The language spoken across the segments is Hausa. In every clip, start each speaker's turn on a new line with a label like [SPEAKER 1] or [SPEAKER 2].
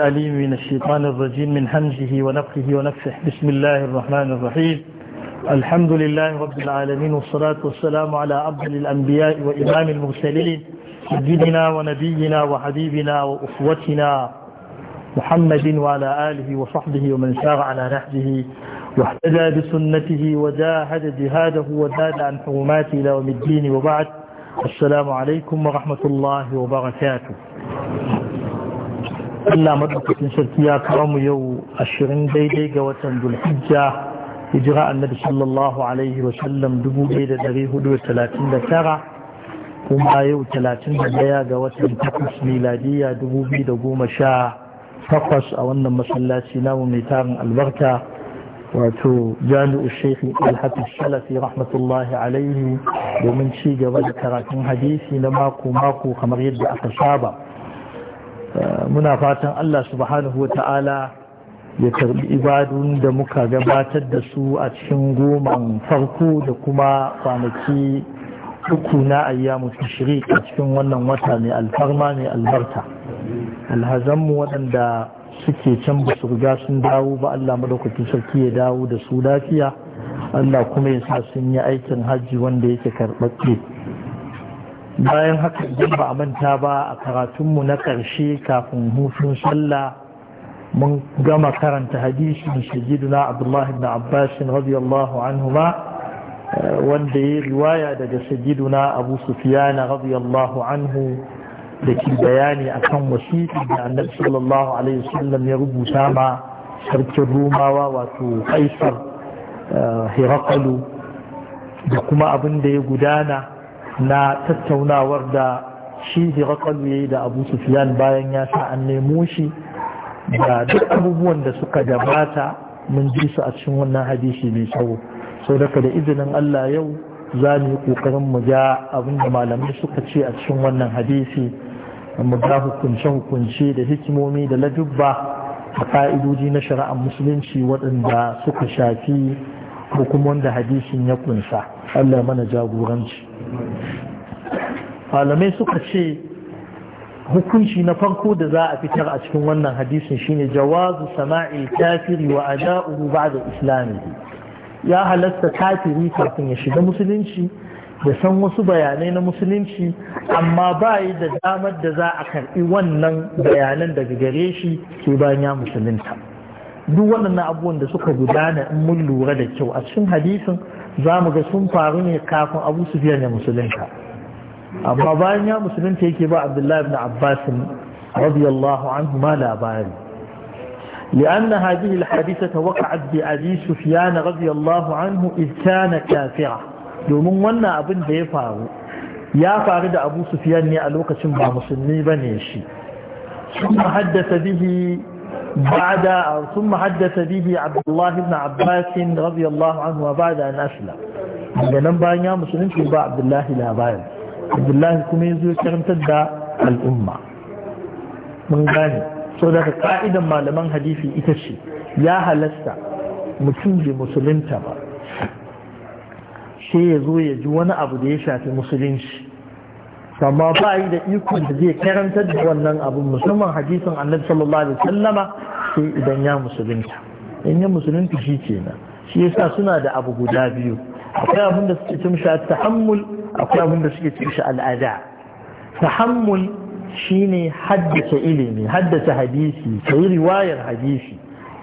[SPEAKER 1] الأليم من الشيطان الرجيم من همزه ونفخه ونفسه بسم الله الرحمن الرحيم الحمد لله رب العالمين والصلاة والسلام على أفضل الأنبياء وإمام المرسلين سيدنا ونبينا وحبيبنا وأخوتنا محمد وعلى آله وصحبه ومن سار على نهجه واحتدى بسنته وجاهد جهاده وزاد عن حرماته إلى يوم الدين وبعد السلام عليكم ورحمة الله وبركاته Allah madaukakin sarki ya kawo mu yau ashirin daidai ga watan Zulhijja hijira annabi sallallahu alaihi wa sallam 1439 kuma yau 31 ga watan takwas miladiya 2018 a wannan masallaci namu mai tarin albarka wato jami'u shekhi alhafiz salafi rahmatullahi alaihi domin ci gaba da karatun hadisi na mako-mako kamar yadda aka saba muna fatan Allah subhanahu wa ta'ala ya karbi ibadun da muka gabatar da su a cikin goman farko da kuma kwanaki uku na ayyamu tashriq a cikin wannan wata mai alfarma mai albarta alhazanmu waɗanda suke can ba su riga sun dawo ba Allah madaukakin sarki ya dawo da su lafiya Allah kuma ya sa sun yi aikin hajji wanda yake karɓaɓɓe bayan haka idan ba a manta ba a karatunmu na ƙarshe kafin hutun sallah mun gama karanta hadisin sayyiduna abdullahi ibn abbas radiyallahu anhuma wanda ya riwaya daga sayyiduna abu sufiyana radiyallahu anhu da ke bayani akan wasiƙi da annabi sallallahu alaihi wasallam ya rubuta ma sarkin romawa wato kaisar hirakalu eh, da kuma abin da ya gudana na tattaunawar da shi da ya yi da abu sufiyan bayan ya sa an nemo shi da duk abubuwan da suka gabata mun ji su a cikin wannan hadisi mai tsawo sau daga da izinin allah yau za mu yi ƙoƙarin mu ga abin da malamai suka ce a cikin wannan hadisi mu ga hukunce-hukunce da hikimomi da ladubba a fa'idoji na shari'ar musulunci waɗanda suka shafi ko da wanda hadisin ya kunsa Allah mana jagoranci malamai suka ce hukunci na farko da za a fitar a cikin wannan hadisin shine jawazu sama'il kafiri wa ada'uhu ba'da islamihi ya halatta kafiri kafin ya shiga musulunci da san wasu bayanai na musulunci amma ba da damar da za a karbi wannan bayanan daga gare shi ke bayan ya musulunta duk waɗannan abubuwan da suka gudana in mun lura da kyau a cikin hadisin za mu ga sun faru ne kafin abu su biya ne musulunta amma bayan ya musulunta yake ba abdullahi ibn abbas radiyallahu anhu ma labari لأن هذه الحادثة وقعت بأبي سفيان رضي الله عنه إذ كان كافرا domin wannan abin da ya faru ya faru da abu sufiyan ne a lokacin ba musulmi ba ne shi sun haddasa bihi بعد ثم حدث به عبد الله بن عباس رضي الله عنه وبعد أن أسلم لأنهم بأن يا مسلم في عبد الله لا بايل عبد الله كم يزوي كرم تدى الأمة من غاني صدق قائدا ما لمن حديثي إتشي يا هلسة mutum bai musulunta ba sai ya zo ya ji wani abu da ya shafi musulunci amma ba yi da ikon da zai karantar da wannan abin musamman hadisin annabi sallallahu alaihi wasallama sai idan ya musulunta in ya musulunta shi kenan shi yasa suna da abu guda biyu akwai abin da suke cin shi tahammul akwai abin da suke cin shi al'ada tahammul shine haddace ilimi haddace hadisi sai riwayar hadisi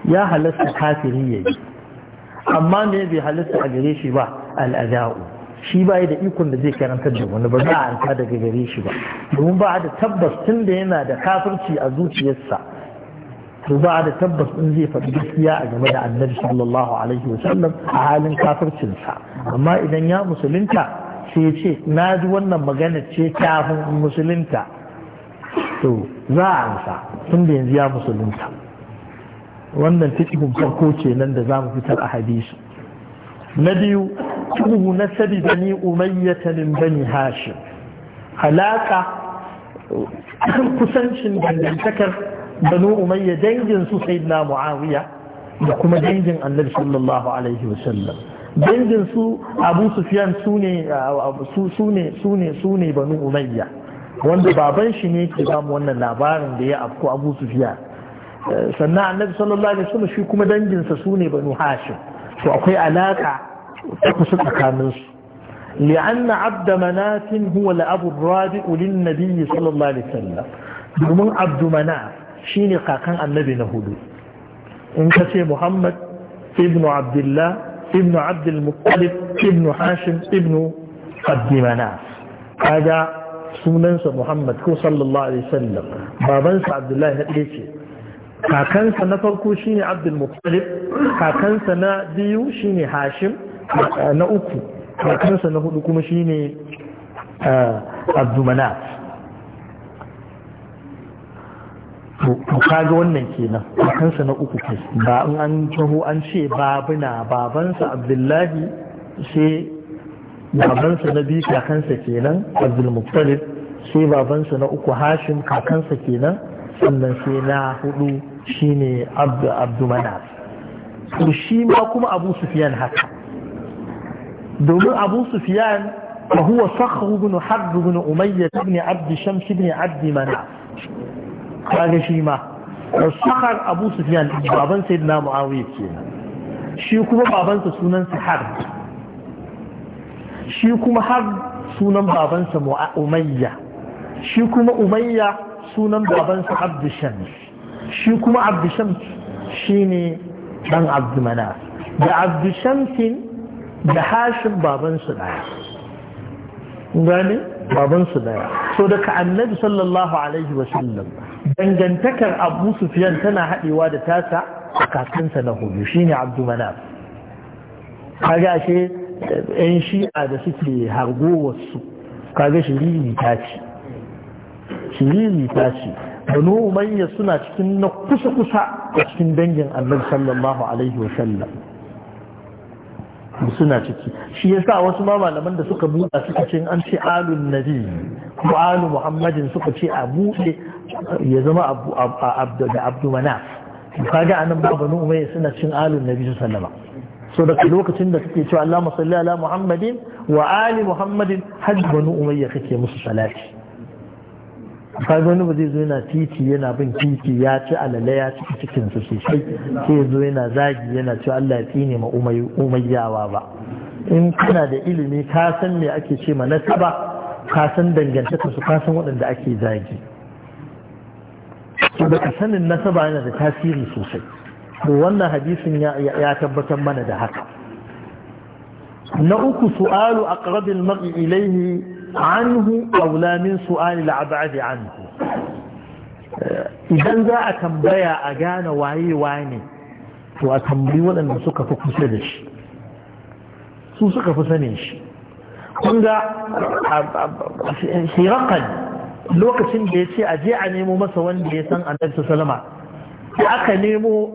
[SPEAKER 1] ya halasta kafiri yayi amma me bai halasta a gare shi ba al'ada'u shi ba da ikon da zai karantar da wani ba za a anta daga gare shi ba domin ba da tabbas tun da yana da kafirci a zuciyarsa to ba da tabbas in zai faɗi gaskiya a game da annabi sallallahu alaihi wasallam a halin kafircinsa amma idan ya musulunta sai ce na ji wannan magana ce kafin musulunta to za a ansa tun da yanzu ya musulunta wannan fiqhun farko kenan da za mu fitar a hadisi na biyu أبو نسب بني أمية من بني هاشم Alaka, kusancin dangantakar banu umayya dangin su sai na muawiya da kuma dangin annabi sallallahu alaihi wasallam dangin su abu sufyan su ne su ne su banu umayya wanda baban shi ne ke bamu wannan labarin da ya afko abu sufyan eh, sannan annabi sallallahu alaihi sallam shi kuma danginsa su ne banu hashim to akwai alaka kusa tsakaninsu لأن عبد منات هو الأب الرابع للنبي صلى الله عليه وسلم domin abdumana shi ne kakan annabi na hudu in ka ce muhammad ibnu abdullah ibnu abdulmuttalib ibnu hashim ibnu abdimana kaga sunansa muhammad ko sallallahu alaihi babansa abdullahi na ce kakansa na farko shine abdulmuttalib kakansa na biyu shine hashim na uku kakansa na hudu kuma shine eh, abdumanaf to kaga wannan kenan kakansa na uku ke ba in an taho an ce babuna babansa abdullahi sai babansa na biyu kakansa kenan abdulmuttalib sai babansa na uku hashim kakansa kenan sannan sai na hudu shine abdu shi ma kuma abu sufyan haka domin abu sufiyan fa huwa sakhru bin harb bin umayya ibn abd shams ibn Abdi mana kaga shi ma sakhar abu su sufiyan baban sayyidina muawiya kenan shi kuma babansa sa har? shi kuma har sunan babansa umayya shi kuma umayya sunan babansa Abdi shams shi kuma abd shams shine dan Abdi mana da Abdi shamsin da hashin babansu daya gane babansu daya so daga annabi sallallahu alaihi wasallam dangantakar abu sufiyan tana haɗewa da tasa a kakansa na hudu shine abdu manaf kaga ashe yan shi'a da suke hargowarsu kaga shiriri ta ce shiriri ta ce banu umayya suna cikin na kusa-kusa a cikin dangin annabi sallallahu alaihi wa sallam suna ciki shi yasa wasu ma malaman da suka buɗa suka ce an ce alun nabi ko alu muhammadin suka ce a buɗe ya zama da abdu manaf kaga anan ba banu umayya suna cin alun nabi sallama so daga lokacin da kake cewa Allahumma salli ala muhammadin wa ali muhammadin hajj banu umayya kake musu salati kaga wani ba zai zo yana titi yana bin titi ya ci alale ya ci cikin su sosai sai zo yana zagi yana ci Allah ya tsine ma umayyawa ba in kana da ilimi ka san me ake ce ma nasaba ka san dangantaka su ka san waɗanda ake zagi to daga sanin nasaba yana da tasiri sosai to wannan hadisin ya tabbatar mana da haka na uku su'alu aqrabil mar'i ilayhi anhu aula min su'alil abadi anhu idan za a tambaya a gane waye wane to a tambayi waɗanda suka fi kusa da shi su suka fi sanin shi kun ga shirakan lokacin da ya ce a je a nemo masa wanda ya san annabi salama sai aka nemo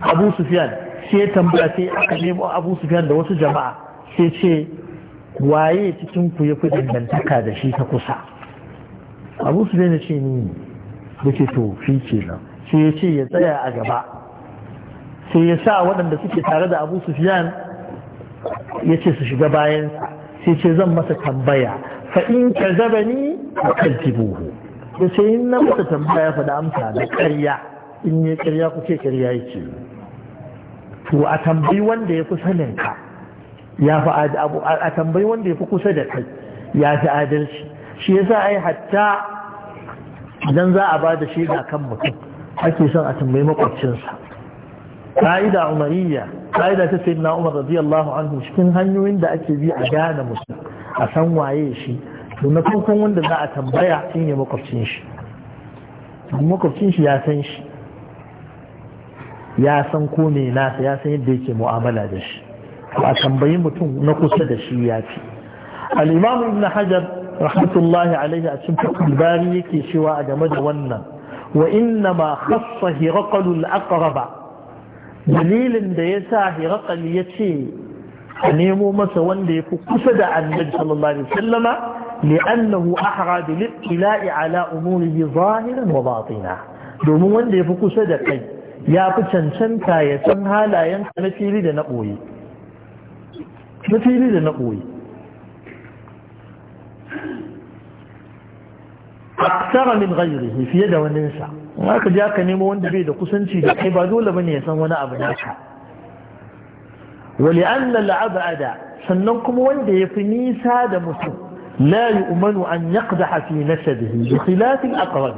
[SPEAKER 1] abu sufiyan sai tambaya sai aka nemo abu sufiyan da wasu jama'a sai ce waye cikin ku ya fi dangantaka da shi ta kusa abu su zai ce ni da ke to fi ke nan sai ya ce ya tsaya a gaba sai ya sa waɗanda suke tare da abu su fiyan ya ce su shiga bayansa sai ce zan masa tambaya fa in ka zaba ni
[SPEAKER 2] a kan tibuhu
[SPEAKER 1] da sai in na masa tambaya fa da amsa da karya in ne karya ku ce karya yake to a tambayi wanda ya fi sanin ka ya fi a tambayi wanda ya fi kusa da kai ya fi adalci shi ya yasa ai hatta idan za a ba da shaida kan mutum ake son a tambayi makwacinsa Ƙa'ida umariya Ƙa'ida ta sayi na umar radiyallahu anhu cikin hanyoyin da ake bi a gane musu a san waye shi to na farkon wanda za a tambaya shi ne makwacin shi makwacin shi ya san shi ya san ko mai nasa ya san yadda yake mu'amala da shi a tambayi mutum na kusa da shi ya fi al'imamu ibn hajar rahmatullahi alaihi a cikin fakul bari yake cewa a game da wannan wa inna ma khassa hiraqalul aqraba dalilin da ya sa hiraqal ya ce a nemo masa wanda ya fi kusa da annabi sallallahu alaihi wasallama ahra bil ila'i ala umurihi zahiran wa batina domin wanda ya fi kusa da kai ya fi cancanta ya san halayen na fili da na ɓoye na fili da na ɓoye aksara min ghairihi fiye da waninsa in aka je aka nemo wanda bai da kusanci da kai ba dole bane ya san wani abu naka wali an la'abada sannan kuma wanda ya fi nisa da mutum la yu'manu an yaqdaha fi nasabihi bi khilaf al-aqrab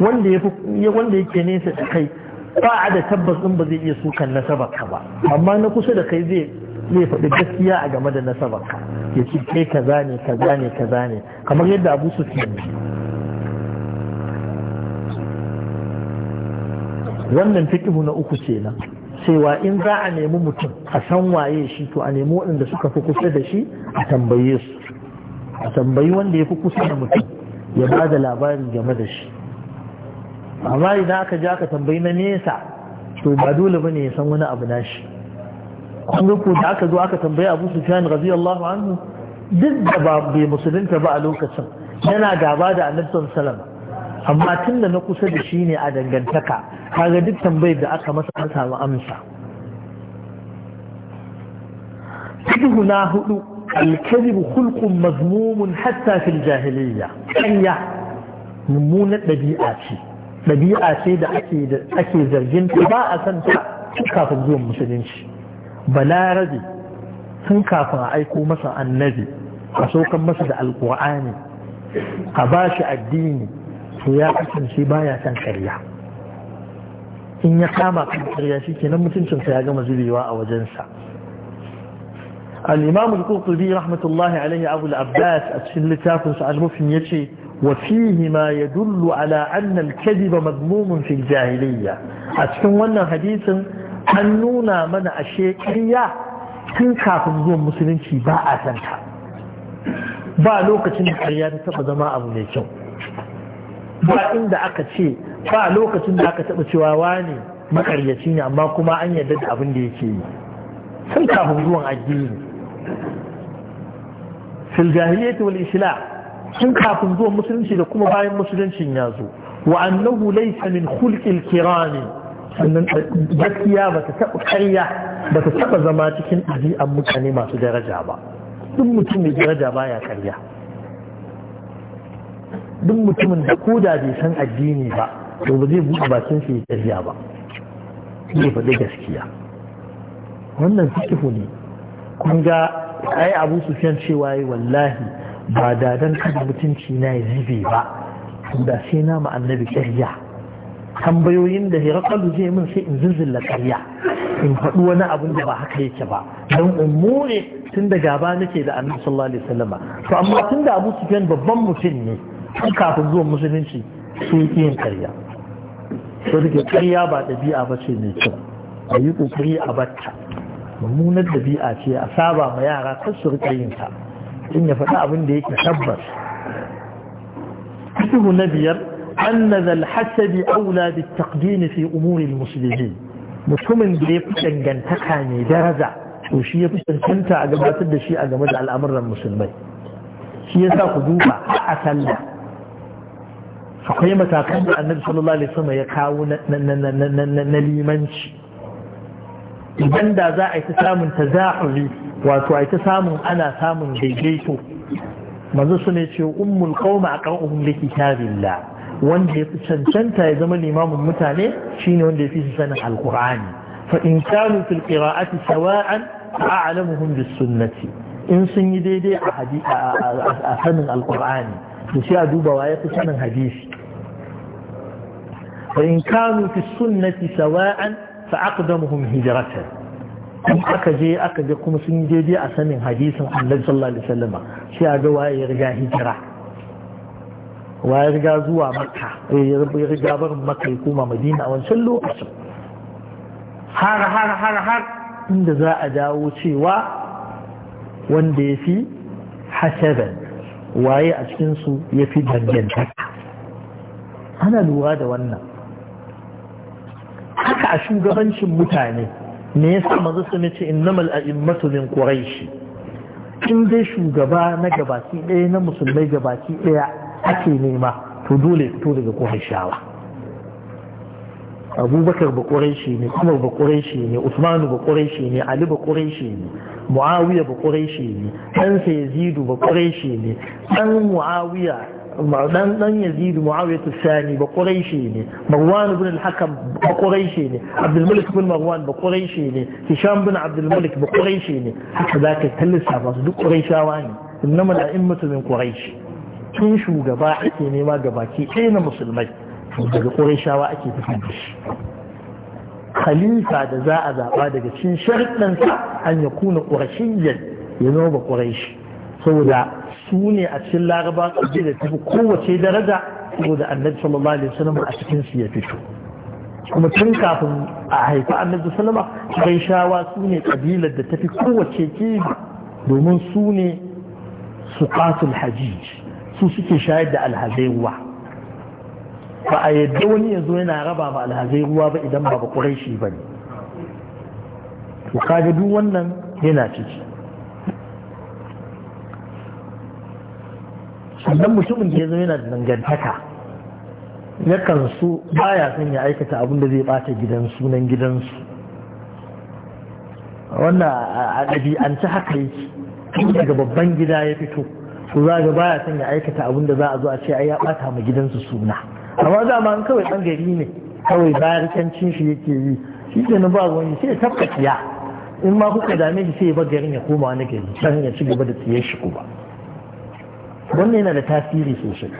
[SPEAKER 1] wanda ya wanda yake nesa da kai ba da tabbas din ba zai iya sukan nasaba ka ba amma na kusa da kai zai zai faɗi gaskiya a game da nasabarka ya ce ke ka zane ka zane ka zane kamar yadda abu su wannan fiƙihu na uku kenan cewa in za a nemi mutum a san waye shi to a nemi waɗanda suka fi kusa da shi a tambaye su a tambayi wanda ya fi kusa da mutum ya ba da labarin game da shi amma idan aka ji aka tambayi na nesa to ba dole ne ya san wani abu na shi an ku da aka zo aka tambaye abu sufyan radiyallahu anhu duk da ba bai musulunta ba a lokacin yana gaba da annabi sallallahu alaihi wasallam amma tun da na kusa da shi ne a dangantaka kaga duk tambayar da aka masa an samu amsa fiqhu na hudu al-kadhib khulqun mazmumun hatta fil jahiliyya kanya mummunar dabi'a ce dabi'a ce da ake da ake zargin ba a san ta kafin zuwan musulunci balarabe sun kafin a aiko masa annabi a saukan masa da alkur'ani a ba shi addini to ya kasance baya san karya in ya kama kan karya shi kenan mutuncinsa ya gama zubewa a wajensa الإمام القرطبي رحمة الله عليه أبو العباس الشلتاف المفهم يشي وفيه ما يدل على أن الكذب مذموم في الجاهلية cikin وانا hadisin. an nuna mana ashe shekariya tun kafin zuwan musulunci ba a santa. Ba ba lokacin da ƙarya ta taba zama abu mai kyau ba inda aka ce ba lokacin da aka taba cewa wani makaryaci ne amma kuma an yarda da abin da yake yi sun kafin zuwan addini fil jahiliyyati wal islam sun kafin zuwan musulunci da kuma bayan musuluncin ya zo wa annahu laysa min khulqil kirami sannan eh, gaskiya ba ta taɓa ƙarya ba ta taɓa zama cikin ɗabi'an mutane masu daraja ba duk mutum mai daraja ya ƙarya duk mutumin da ko da bai san addini ba to ba zai buɗe bakin sa ya ƙarya ba zai faɗi gaskiya wannan fikihu ne kun ga ai abu su sufyan cewa yi wallahi ba da dan kada mutunci na ya zube ba da sai na ma annabi ƙarya tambayoyin da hirakalu zai min sai in zuzzulla ƙarya in faɗi wani abin da ba haka yake ba don umure tun da gaba nake da annabi sallallahu alaihi wasallam to amma tun da Abu Sufyan babban mutum ne tun kafin zuwa musulunci sai yake yin ƙarya to dake ƙarya ba ɗabi'a ba ce mai kyau a yi ƙoƙari a batta mummunar ɗabi'a ce a saba ma yara kar su riƙa yin ta in ya faɗi abin da yake tabbas. Fikihu na biyar أن ذا الحسد أولى بالتقديم في أمور المسلمين مفهوم بريق تنجن تقاني درزع وشي يبسن تنتع أجمع تد شيء أجمع على الأمر المسلمين شي يساق دوبا أسلع فقيمة أقول أن النبي صلى الله عليه وسلم يكاو نليمنش إذن دا زاعة سام تزاحلي واتوعة سام أنا سام جيجيتو مزو سنة أم القوم أقرأهم لكتاب الله wanda ya fi cancanta ya zama limamin mutane shine wanda ya fi sanin alkur'ani fa in kanu fil qira'ati sawa'an a'lamuhum bis sunnati in sun yi daidai a sanin alkur'ani to sai a duba wa ya fi sanin hadisi fa in kanu fi sunnati sawa'an fa aqdamuhum hijratan in aka je aka je kuma sun yi daidai a sanin hadisin annabi sallallahu alaihi wasallam sai a ga waye ya riga hijira wa ya riga zuwa makka eh, ya riga barin makka ya koma madina a wancan lokacin har har har har inda za a dawo cewa wanda ya fi hasaban waye a cikinsu ya fi dangantaka ana lura da wannan haka a shugabancin mutane me yasa mazu su ce innamal a'immatu min shi? in dai shugaba na gabaki ɗaya na musulmai gabaki ɗaya ake nema to dole fito daga ƙurayshawa abubakar ba ƙurayshi ne umar ba ƙurayshi ne usmanu ba ƙurayshi ne ali ba ƙurayshi ne muawiya ba ƙurayshi ne ɗansa yazidu ba ƙurayshi ne ɗan muawiya dan dan yazidu muawiya tsani ba quraishi ne marwan ibn al-hakam ba quraishi ne abdul malik ibn marwan ba quraishi ne hisham ibn abdul malik ba quraishi ne haka zaka tallasa ba duk quraishawa ne innama al-a'immatu min quraishi tun shugaba ake nema ga baki ɗaya na musulmai daga ƙurashawa ake fitar da shi khalifa da za a zaɓa daga cikin sharɗansa an ya kuna ƙurashiyyar ya zama ba ƙurashi saboda su ne a cikin laraba ƙabi da tafi kowace daraja saboda annabi sallallahu alaihi wasallam a cikin su ya fito kuma tun kafin a haifi annabi sallama ƙurashawa su ne ƙabilar da tafi kowace kima domin su ne suƙatul hajiji su suke shayar da alhazai ruwa ba a yadda wani yanzu yana raba ma alhazai ruwa ba idan ba kurai shi ba ne kaga duk wannan yana ciki sannan mutumin da ya zama yana da dangantaka yakan so baya son ya aikata abin da zai bata gidan sunan gidansu wannan a ɗabi'anci haka yake daga babban gida ya fito to za ga baya son ya aikata abin da za a zo a ce ai ya bata ma gidansu suna amma dama an kawai dan gari ne kawai barikancin shi yake yi shi ke nan ba wani sai ya tabbaciya in ma kuka dame shi sai ya bar garin ya koma wani gari can ya ci gaba da tsiyar shi kuma wannan yana da tasiri sosai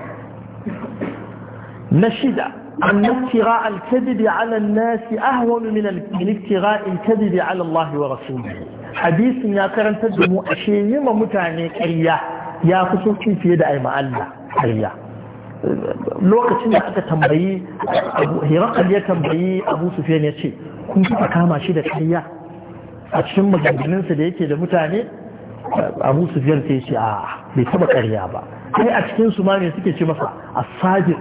[SPEAKER 1] na shida أن ابتغاء الكذب على الناس أهون من ابتغاء الكذب على الله ورسوله حديث يا كرنت دمو أشيء ما متعني كريه ya fi sauki fiye da aima Allah ƙarya lokacin da aka tambayi hirakal ya tambayi abu sufiyan ya ce kun kuka kama shi da kariya a cikin maganganunsa da yake da mutane abu ta yi ce a bai taba karya ba sai a cikin su ma ne suke ce masa A sadiq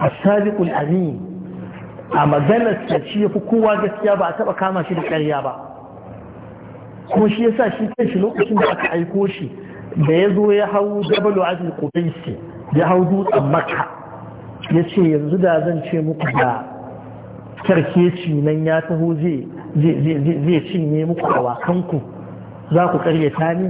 [SPEAKER 1] as a maganar ta ci fi kowa gaskiya ba a taba kama shi da karya ba kuma shi yasa shi shi lokacin da aka aiko shi da ya zo ya hau jabalu azul kubaisi ya hau dutsen maka, ya ce yanzu da zan ce muku da kyarkeci nan ya taho zai cinye muku a wakanku, za ku karyata ni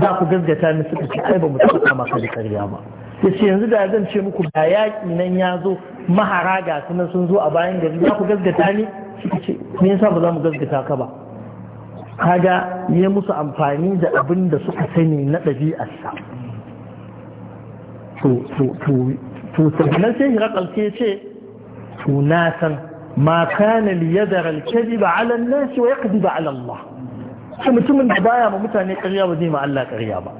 [SPEAKER 1] za ku gazgata ne suka ce ai ba mu taɓa maka da karya ba ya ce yanzu da zan ce muku da yaƙi nan ya zo mahara ga sunan sun zo a bayan gari za ku gazgata ne suka ce me yasa ba za mu gazgata ka ba kaga ya musu amfani da abin da suka sani na ɗabi'arsa to sabinan sai shi raƙalce ce tunatan na san ma kana liyadar alkazi ba ala nasi wa ya ba alan ma shi mutumin da baya ma mutane ƙarya ba zai ma Allah ƙarya ba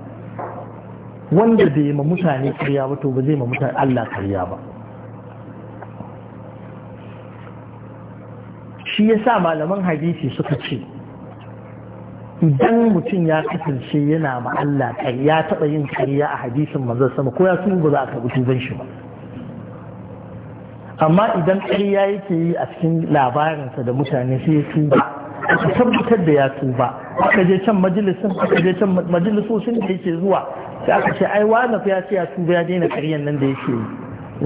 [SPEAKER 1] wanda bai ma mutane ƙarya ba to ba zai ma mutane Allah ƙarya ba shi ya sa malaman hadisi suka ce idan mutum ya kasance yana ma kai ya taɓa yin kariya a hadisin manzon sama ko ya tuba za a karɓi tuban shi ba amma idan ƙarya yake yi a cikin labarinsa da mutane sai ya tuba aka tabbatar da ya tuba aka je can majalisin aka je can da yake zuwa sai aka ce ai wani ya ce ya tuba ya daina kariyan nan da yake yi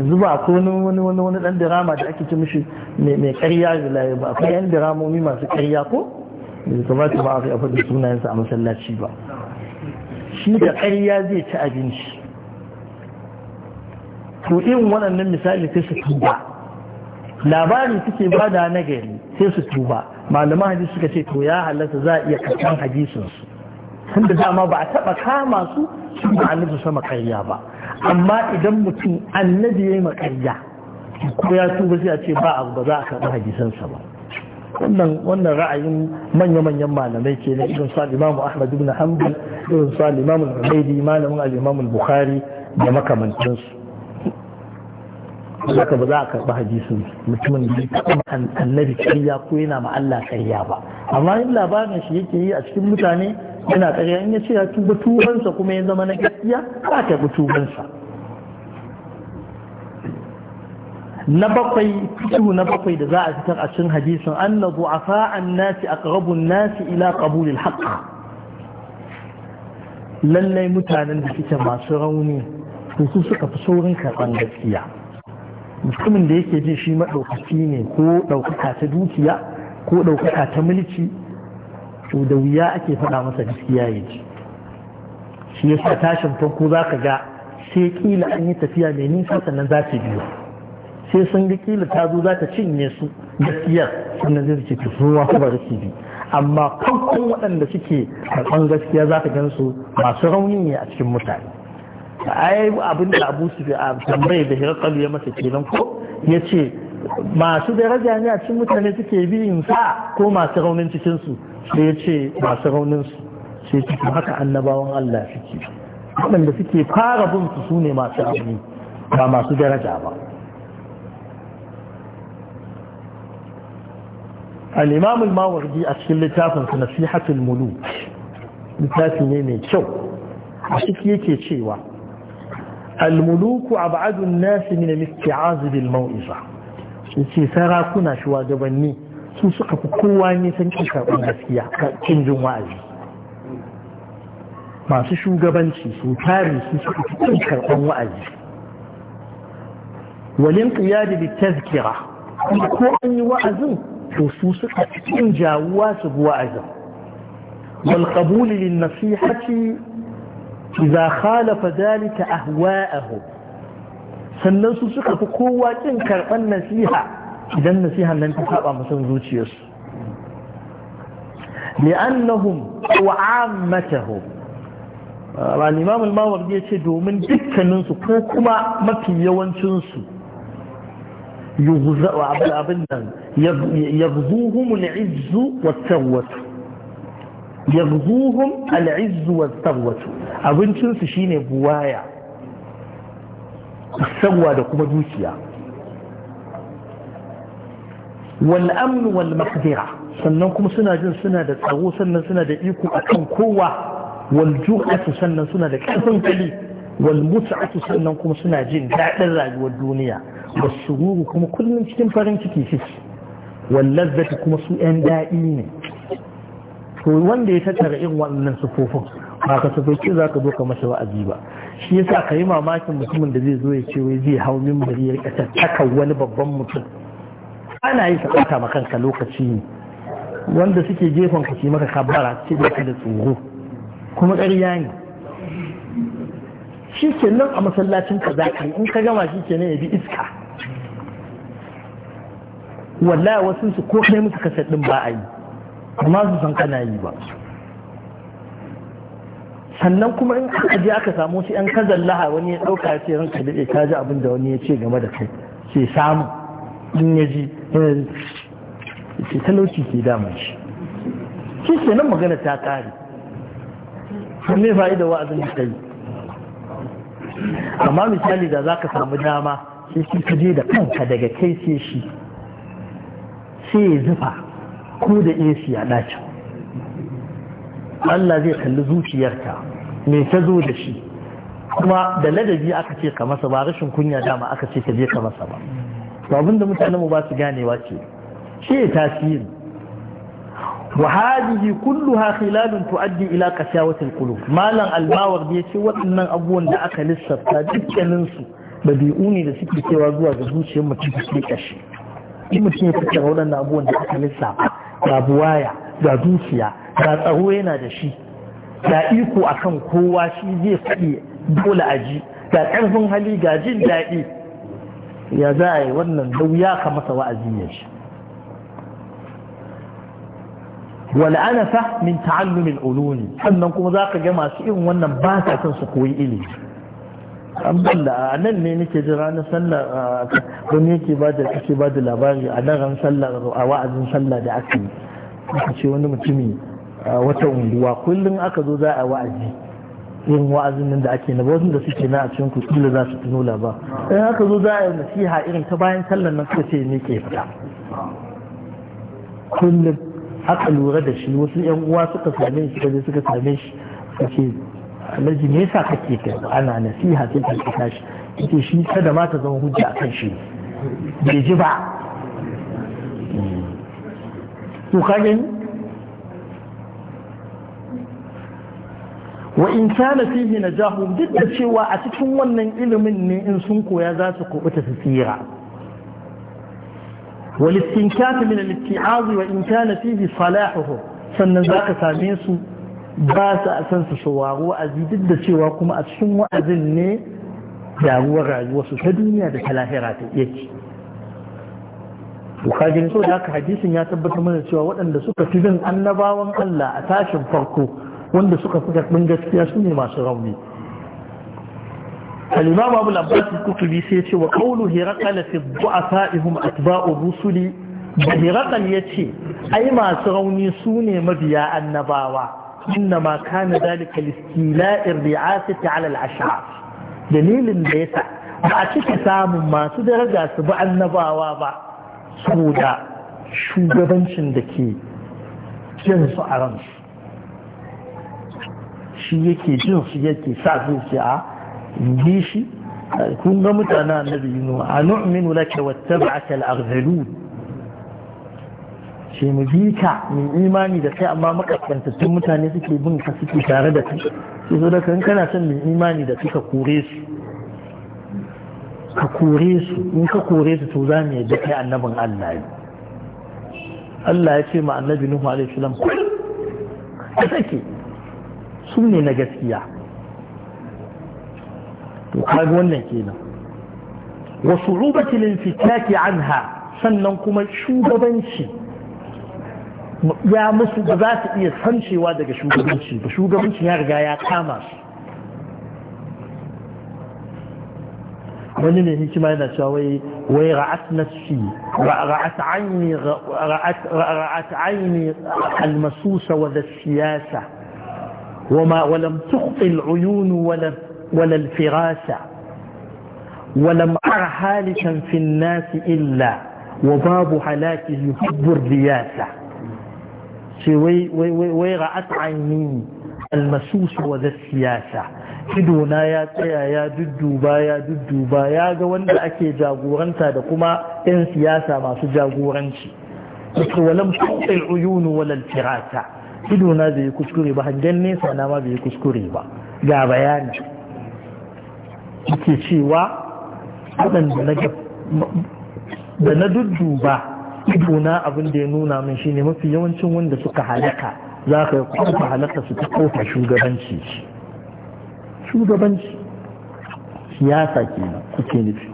[SPEAKER 1] yanzu ba ko wani wani wani dan dirama da ake ci mishi mai karya da ba akwai yan diramomi masu kariya ko bai kamata ba a faɗi sunayensa a masallaci ba shi da ƙarya zai ci abinci to irin waɗannan misali sai su tuba labari suke da na gari sai su tuba malaman hadisi suka ce to ya halatta za a iya karɓar hadisinsu da dama ba a taɓa kama su sun ba annabi sama ƙarya ba amma idan mutum annabi ya yi makarya ko ya tuba sai a ce ba abu ba za a karɓi hadisansa ba wannan ra'ayin manya-manyan malamai ke na irin su al-imamu ahmad ibn hanbal irin su al-imamu al malamin al al-bukhari da makamantansu haka ba za a karɓi hadisin mutumin da ya annabi kariya ko yana ma Allah karya ba amma in labarin shi yake yi a cikin mutane yana karya in ya ce ya tuba tubansa kuma ya zama na gaskiya za ka tuban tubansa na bakwai fikihu na bakwai da za a fitar a cikin hadisin anna du'afa annasi aqrabun nasi ila qabulil haqq lallai mutanen da suke masu rauni to su suka fi saurin karban gaskiya mutumin da yake jin shi madaukaki ne ko ɗaukaka ta dukiya ko ɗaukaka ta mulki to da wuya ake faɗa masa gaskiya ya ji shi yasa tashin farko zaka ga sai kila an yi tafiya mai nisa sannan za ta biyo sai sun ga kila ta zo za ta cinye su gaskiyar sannan zai ce ta zuwa ko ba su bi amma kankan waɗanda suke karɓan gaskiya za ta gansu masu rauni ne a cikin mutane ai abin da abu su a tambaye da hirakalu ya masa kenan ko ya ce masu daraja ne a cikin mutane suke biyin sa ko masu raunin cikinsu sai ya ce masu raunin su sai su haka annabawan Allah suke waɗanda suke fara bin su ne masu rauni ba masu daraja ba الإمام الماوردي أسكيل لتافا في نصيحة الملوك لتافا نيني شو أسكيل تشيوا الملوك أبعد الناس من الاتعاذ بالموئزة إنسي سارا كنا شوى جواني سوسك كواني سنكيكا ونسكيا كنجو معي ما سشو جبنسي سوتاري سوسك كنكا ونوعي والانقياد بالتذكرة كواني وعزوه to su suka cikin jawuwa su buwa azam wal qabul lil nasihati idza khalafa dhalika ahwa'ahu sannan su suka fi kowa kin karɓar nasiha idan nasiha nan ta saba musu zuciyarsu li'annahum wa 'ammatahum al-imam al-mawardi yace domin dukkaninsu ko kuma mafi yawancinsu يغزوهم العز والثروة يغزوهم العز والثروة أبن أبنشن سشين بوايا الثروة لكم دوسيا والأمن والمقدرة سننكم سنة جن سنة تغو سنة سنة إيكم أكم قوة والجرأة سنة سنة كيف تلي wal sannan kuma suna jin daɗin rayuwar duniya sururu kuma kullum cikin farin ciki suke wal kuma su yan daɗi ne to wanda ya tattara irin waɗannan sufofin ba ka sufofi za ka zo ka masa wa'azi ba shi yasa ka yi mamakin mutumin da zai zo ya ce wai zai hau mimbari ya rika tattaka wani babban mutum ana yi ka ɓata ma kanka lokaci ne wanda suke jefan ka ce maka kabara ce da ka da tsoro kuma ƙarya ne shi ke nan a masallacin ka za ka yi in ka gama shi ke nan ya bi iska wallahi wasu su ko kai musu kasar ɗin ba a yi amma su san kana yi ba sannan kuma in aka je aka samu shi yan kazan laha wani ya ɗauka ya ce ka daɗe ka ji abin da wani ya ce game da kai ke samu in ya ji talauci ke damar shi shi ke nan magana ta ƙare ne fa'ida wa'azin da ta yi amma misali da za ka samu dama sai shi ka je da kanka daga kai sai shi sai ya zufa ko da AC a ɗacin Allah zai kalli zuciyarka me ta zo da shi kuma da ladabi aka ce ka masa ba rashin kunya dama aka ce ka je ka masa ba to abinda mutanen mu ba su ganewa ce shi tasiri kullu وهذه كلها خلال تؤدي الى Kulu. Malam ما da ya ce waɗannan abubuwan da aka lissafta dukkanin su da ne da suke cewa zuwa ga zuciyar mutum ta ke kashe mutum ya fice waɗannan abubuwan da aka lissafa ga buwaya ga zuciya ga tsaro yana da shi ga iko a kan kowa shi zai faɗi dole a ji ga ƙarfin hali ga jin daɗi ya za a yi wannan lauya ya kamata wa'azi ya shi wal'anafa min ta'allumin ulumi sannan kuma za ka gama su irin wannan ba sa son su koyi ilimi an balla a nan ne nake jira ranar sallar wani yake ba da ake ba da labari a nan ran sallar a wa'azin sallar da aka yi aka ce wani mutumi a wata unguwa kullum aka zo za a wa'azi yin wa'azin nan da ake na wasu da suke na a cikin ku za su tuno labar in aka zo za a yi nasiha irin ta bayan sallar nan suka ce ne ke fita kullum aka lura da shi wasu yan uwa suka same shi kaje suka same shi suke. alhaji me yasa kake kai ana nasiha sai ka kika shi Ita shi kada ma ta zama hujja akan shi bai ji ba to kaje wa in kana fihi Najahu, duk da cewa a cikin wannan ilimin ne in sun koya za su kubuta su tsira والاستنكاف من الاتعاظ وإن كان فيه صلاحه sannan za ka same su ba su a san su sauraro a duk da cewa kuma a cikin wa'azin ne gyaruwar rayuwarsu ta duniya da ta lahira ta yake bukajin so da haka hadisin ya tabbatar mana cewa waɗanda suka fi bin annabawan Allah a tashin farko wanda suka fi karɓin gaskiya su ne masu rauni الإمام أبو العباس الكتبي سيتي وقول هرقل في الضعفاء هم أتباع الرسل هرقل يتي أي ما سروني سوني مبيا النباوة إنما كان ذلك لاستيلاء الرعاسة على الأشعار دليل ليس أتك سام ما سدرجة سبع النباوة سودا شو gabancin da ke jin su a ransu shi yake jin su yake sa zuciya in shi kun ga mutane annabi yinu a nu'min laka wattaba'aka al-aghzalun ce mu bi ka mu imani da kai amma makasantattun mutane suke bin ka suke tare da kai sai so da kan kana son mu imani da suka kore su ka kore su in ka kore su to za mu yadda kai annabin Allah ne Allah ya ce ma annabi Nuhu alaihi salam ka sake su ne na gaskiya وقال وانه كينا وصعوبة الانفتاك عنها سنن كما شوق بنشي يا مصد بات اي سنشي وادك شوق بنشي بشوق بنشي يا رجايا كامر وانه هيك ما انا شاوي ورعت نفسي رعت عيني رعت, رعت عيني المسوسة وذا السياسة وما ولم تخطي العيون ولم ولا الفراس ولم أر هالكا في الناس إلا وباب هلاك يحب الرياسة وي وي وي وي رأت عيني المسوس وذا السياسة idona ya tsaya ya dudduba ya dudduba ya ga wanda ake jagoranta da kuma 'yan siyasa masu jagoranci yake walam tuqil uyunu wal firata idona bai kuskure ba hangen nesa na ma bai kuskure ba ga bayani yake cewa waɗanda na da na dudduba ibuna abin da ya nuna min shine mafi yawancin wanda suka halaka za ka kuma halaka su ta kofa shugabanci shugabanci siyasa ke kuke nufi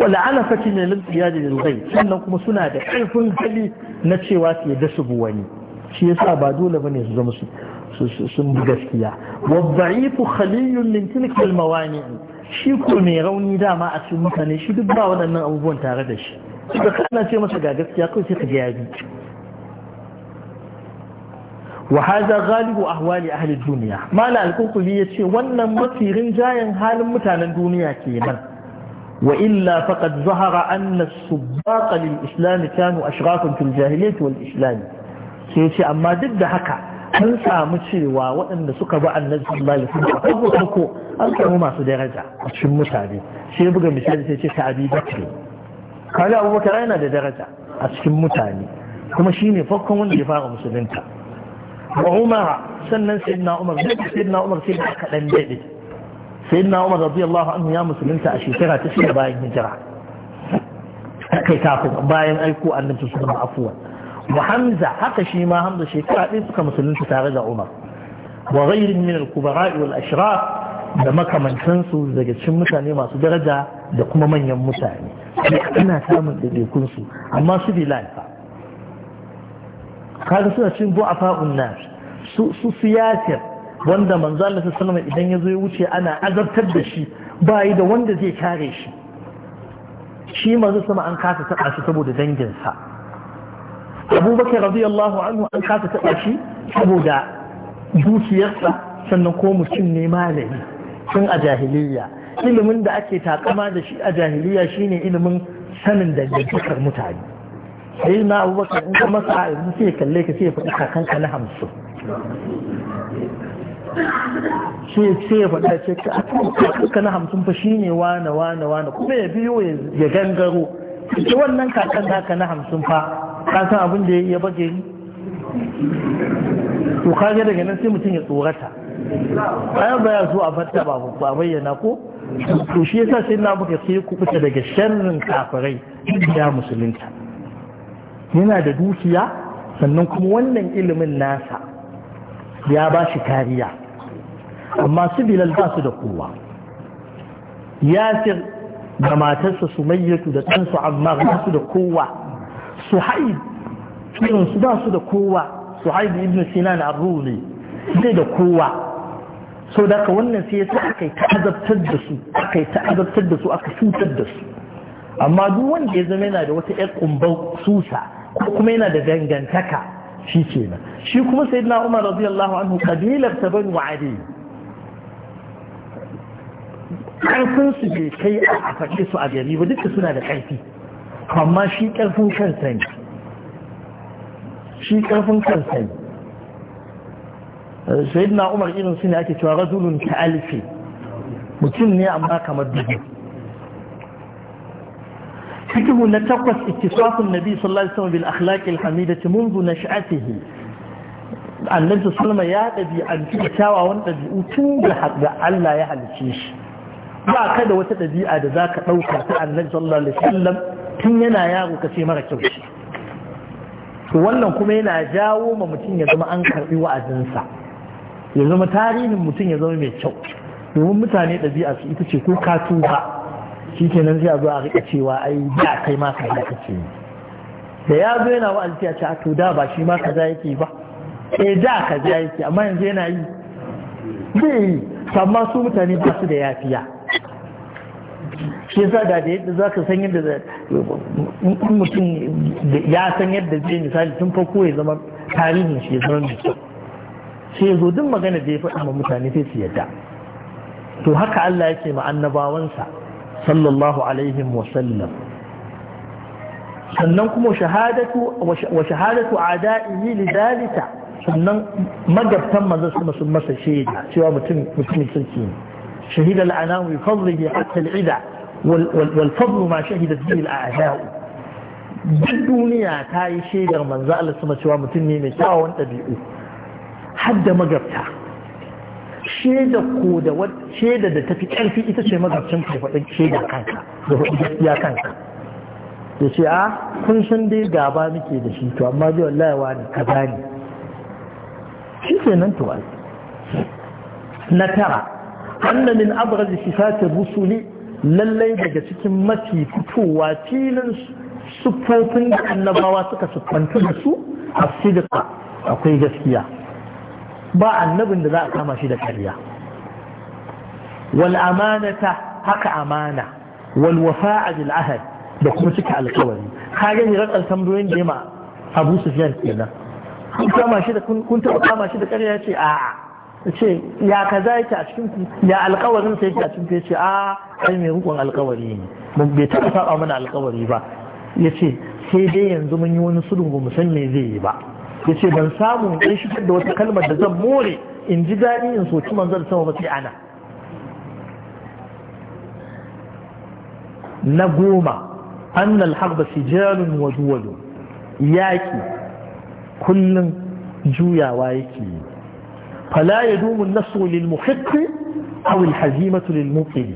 [SPEAKER 1] wala ana faki ne limfiya da lilgai sannan kuma suna da ƙarfin hali na cewa su yadda su buwani shi yasa ba dole bane su zama su sun gaskiya wadda'ifu khaliyun min tilka almawani shi ko mai rauni dama a cikin mutane shi duk ba waɗannan abubuwan tare da shi da kana ce masa ga gaskiya kawai sai ka ga yabi wa hadha ghalibu ahwali ahli dunya mala al-qurtubi yace wannan mafirin jayan halin mutanen duniya kenan wa illa faqad zahara anna as-subaqa lil-islam kanu ashrafun fil jahiliyyah wal-islam sai yace amma duk da haka an samu cewa waɗanda suka bi annabi sallallahu alaihi wasallam farko farko an samu masu daraja a cikin mutane sai buga misali sai ce ta abi bakri kaga abubakar yana da daraja a cikin mutane kuma shi ne farkon wanda ya fara musulunta wa umar sannan sayyidina umar da sayyidina umar sai da aka dan dade sayyidina umar radiyallahu anhu ya musulunta a shekara ta shida bayan hijira kai kafin bayan aiko annabi sallallahu alaihi wasallam wa hamza haka shi ma hamza shekara ɗaya suka musulunta tare da umar wa ghairin min al-kubara wal ashraf da makamantansu daga cikin mutane masu daraja da kuma manyan mutane ana samun ɗaiɗaikun su amma su bi lafa kaga suna cin du'afa unnas su su siyasar wanda manzo Allah sallallahu alaihi idan ya zo ya wuce ana azabtar da shi ba yi da wanda zai kare shi shi manzo sama an kasa saka shi saboda danginsa abubakar radiyallahu anhu an kasa taɓa shi saboda dukiyarsa sannan ko mutum ne malami tun a jahiliya ilimin da ake takama da shi a jahiliya shine ilimin sanin dangantakar mutane sai na abubakar in ka masa yanzu sai ya kalle ka sai ya faɗi kakanka na hamsin sai ya faɗa ce ka na hamsin fa shine wane wane wane kuma ya biyo ya gangaro ce wannan kakan naka na hamsin fa kasan abin da ya bage ni to kage daga nan sai mutum ya tsorata bayan baya zo a fata ba ba bayyana ko to shi yasa sai na muka sai ku fita daga sharrin kafirai ya musulunta yana da dukiya sannan kuma wannan ilimin nasa ya ba shi kariya amma su bilal ba su da kowa yasir da matarsa sumayyatu da ɗansu ammar ba su da kowa suhaib irin su ba su da kowa suhaib ibn sinan ar-rumi bai da kowa sau da ka wannan sai yasa aka yi ta'azabtar da su aka yi ta'azabtar da su aka cutar da su amma duk wanda ya zama yana da wata ƴar kumbar susa ko kuma yana da dangantaka shi kenan shi kuma sayyidina umar radiyallahu anhu kabilar ta bani wa'adi Ƙarfinsu bai kai a faɗe su a gari ba duka suna da ƙarfi amma shi ƙarfin kansa ne shi ƙarfin kansa ne sai na umar irin su ne ake cewa razulun ta alife mutum ne amma kamar dubu fikihu na takwas ittisafun nabi sallallahu alaihi wasallam bil akhlaqi al hamidati منذ nash'atihi annabi sallama ya an dabi'an kyawawan dabi'u tun da Allah ya halicce shi ba ka da wata ɗabi'a da za ka ɗaukar ta annabi sallallahu alaihi wasallam tun yana yaro ka ce mara kyau shi to wannan kuma yana jawo ma mutum ya zama an karɓi wa'azinsa ya zama tarihin mutum ya zama mai kyau domin mutane ɗabi'a su ita ce ko ka tuba shi kenan zai zo a riƙa cewa ai da kai ma ka yi ce da ya zo yana wa'azi ya ce a to da ba shi ma za yake ba eh da za yake amma yanzu yana yi zai yi amma su mutane ba su da yafiya shi yasa da da yadda zaka san yadda mutum ya san yadda zai misali tun farko ya zama tarihin shi ya zama mai kyau sai zo duk magana da ya faɗa ma mutane sai su yadda to haka Allah yake ma annabawansa sallallahu alaihi wa sallam sannan kuma shahadatu wa shahadatu ada'ihi lidalika sannan magabtan manzo sun masa shaida cewa mutum mutum sarki ne شهد الأنام بفضله حتى العدى والفضل ما شهدت به الأعداء duk duniya ta yi shaidar manza Allah cewa mutum ne mai kyawawan ɗabi'u har da magabta shaida da shaida da tafi ƙarfi ita ce magabcin ka faɗi shaida kanka da faɗi gaskiya kanka ya ce a kun san dai gaba muke da shi to amma dai wallahi kaza ne shi ke nan na tara anna min abraz sifati rusuli lallai daga cikin mafi fitowa filin siffofin da annabawa suka siffanta da su a sidika akwai gaskiya ba annabin da za a kama shi da ƙarya wal amanata haka amana wal a bil da kuma cika alkawari ka gani rakan tambayoyin da ma abu sufyan kenan kun kama shi da kun taɓa kama shi da karya ce a'a ce ya kaza yake a cikin ya alkawarin sai yake a cikin ku yace a kai mai rukun alkawari ne bai taɓa saba mana alkawari ba Ya ce sai dai yanzu mun yi wani sulhu ba mu san me zai yi ba Ya ce ban samu in shigar da wata kalmar da zan more in ji daɗi in soki manzon sama ba sai ana na goma annal harba sijalun wajuwalu yaƙi, kullum juyawa yake yi فلا يدوم النصر للمحق أو الحزيمة للمبطل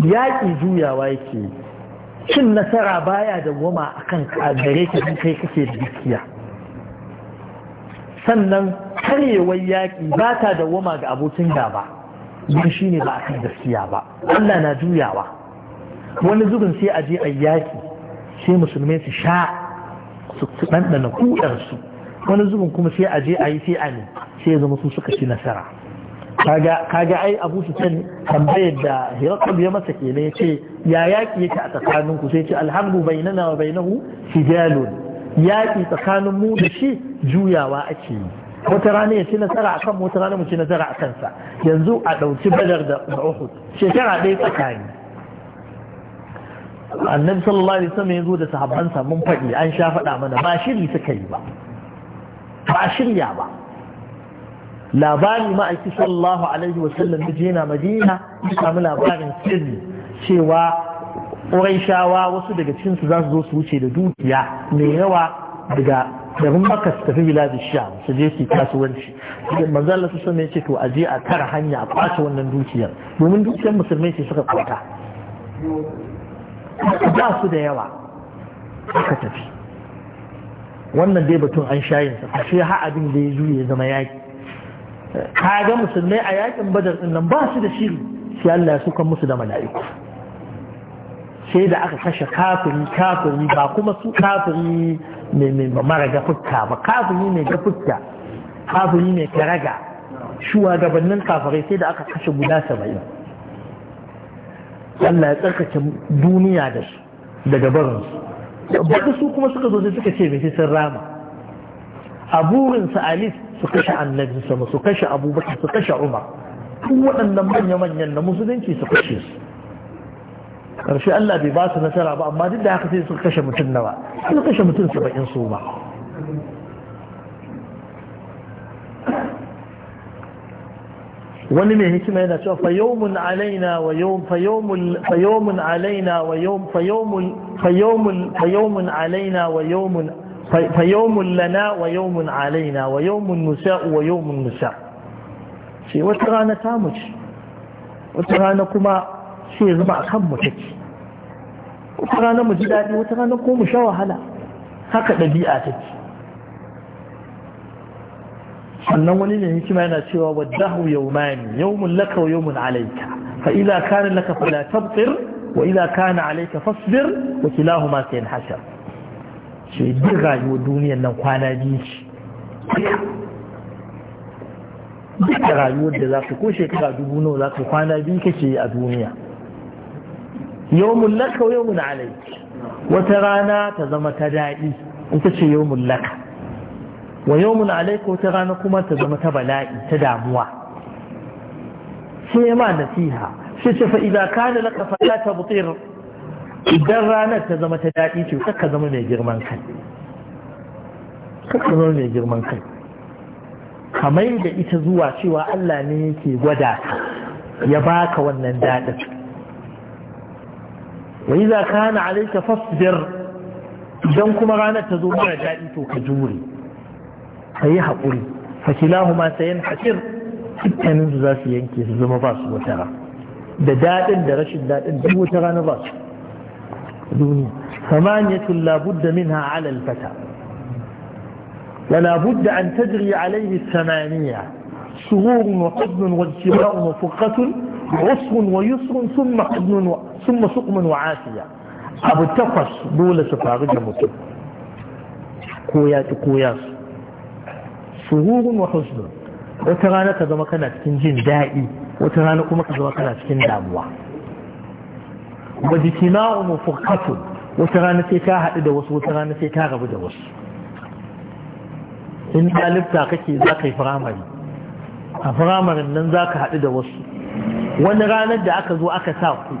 [SPEAKER 1] yaƙi juyawa yake cin nasara baya dawwama a kan gare ka in kai kake da gaskiya sannan karyewar yaƙi ba ta dawwama ga abokin gaba don shi ne ba a kan gaskiya ba Allah na juyawa wani zubin sai a je a yaƙi sai musulmai su sha su ɗanɗana kuɗarsu wani zubin kuma sai a je a yi sai a ne sai ya zama su suka ci nasara kaga ai abu su can tambayar da hirakab ya masa kenan ya ce ya yaƙi yake a tsakaninku sai ce alhamdu bainana wa bainahu sijalun yaƙi tsakanin mu da shi juyawa ake yi wata rana ya ci nasara akan wata rana mu ci nasara a kansa yanzu a ɗauki badar da
[SPEAKER 2] uhud shekara ɗaya tsakani
[SPEAKER 1] annabi sallallahu alaihi wasallam ya zo da sahabbansa mun faɗi an sha faɗa mana ba shiri suka yi ba ba a shirya ba labari ma'aiki sallallahu alaihi wasallam da jina madina ya samu labarin sirri cewa shawa wasu daga cikinsu za su zo su wuce da dukiya mai yawa daga garin makas su tafi bila sha su je su kasuwanci manzo Allah sun ya ce to aje a tara hanya a kwace wannan dukiyar domin dukiyar musulmai ce suka kwata ba su da yawa aka tafi wannan dai batun an shayin sa ashe ha abin da ya juye zama yaki kaga musulmai a yakin badar din nan ba su da shiri sai Allah ya suka musu da mala'iku sai da aka kashe kafiri kafiri ba kuma su kafiri mai mara gafutta ba kafiri mai gafutta kafiri mai karaga shugabannin kafirai sai da aka kashe guda saba'in Allah ya tsarkake duniya da su daga barinsu da su kuma suka zo sai suka ce mai sun rama a burinsa su kashe annabi sama su kashe abubakar su kashe umar duk waɗannan manya-manyan na musulunci su kashe su ƙarshe Allah bai ba su nasara ba amma duk da haka sai su kashe mutum nawa su kashe mutum saba'in su ba wani mai hikima yana cewa fayomun alaina wa yawm fayomun alaina wa yawm fayomun fayomun fayomun alaina wa yawmun fayomun lana wa yawmun alaina wa yawmun nusa wa yawmun nusa shi wata rana ta mu ce wata rana kuma sai ya zama akan mu take wata rana mu ji daɗi wata rana ko mu sha wahala haka ɗabi'a take sannan wani ne hikima yana cewa waddahu yawmani yawmun laka wa yawmun alayka fa idza kana laka fala tabtir wa idza kana alayka fasbir wa kilahuma sayanhasar shi duk yi duniyan nan kwana biyu shi duk rayuwar da za ka ko shekara dubu nawa za ka kwana biyu kake a duniya yawmun laka wa yawmun alayka wata rana ta zama ta daɗi ita ce yawmun laka wa mun alaiko ta rana kuma ta zama ta bala'i ta damuwa sai ma nasiha sai ce fa idan kana ta ta tabtir idan ranar ta zama ta daɗi ce kaka zama mai girman kai kaka zama mai girman kai kamar da ita zuwa cewa Allah ne yake gwada ka ya baka wannan daɗin wa iza kana alayka fasbir idan kuma ranar ta zo mara daɗi to ka jure ka yi haƙuri fakilahu ma sayan hakir dukkanin su za su yanke su zama ba su wata da daɗin da rashin daɗin duk wata rana ba su duniya samaniyatun labudda minha ala alfata ولا بد أن تجري عليه الثمانية سرور وحزن واجتماع وفرقة عسر ويسر ثم حزن و... ثم سقم وعافية أبو تقص دولة فارجة متب قويات قوياس sururun wa husnun wata rana ka zama kana cikin jin daɗi wata rana kuma ka zama kana cikin damuwa wa jitima'un wa furqatun wata rana sai ka haɗu da wasu wata rana sai ka rabu da wasu in ɗalibta kake za ka yi firamare a firamarin nan za ka haɗu da wasu wani ranar da aka zo aka sa ku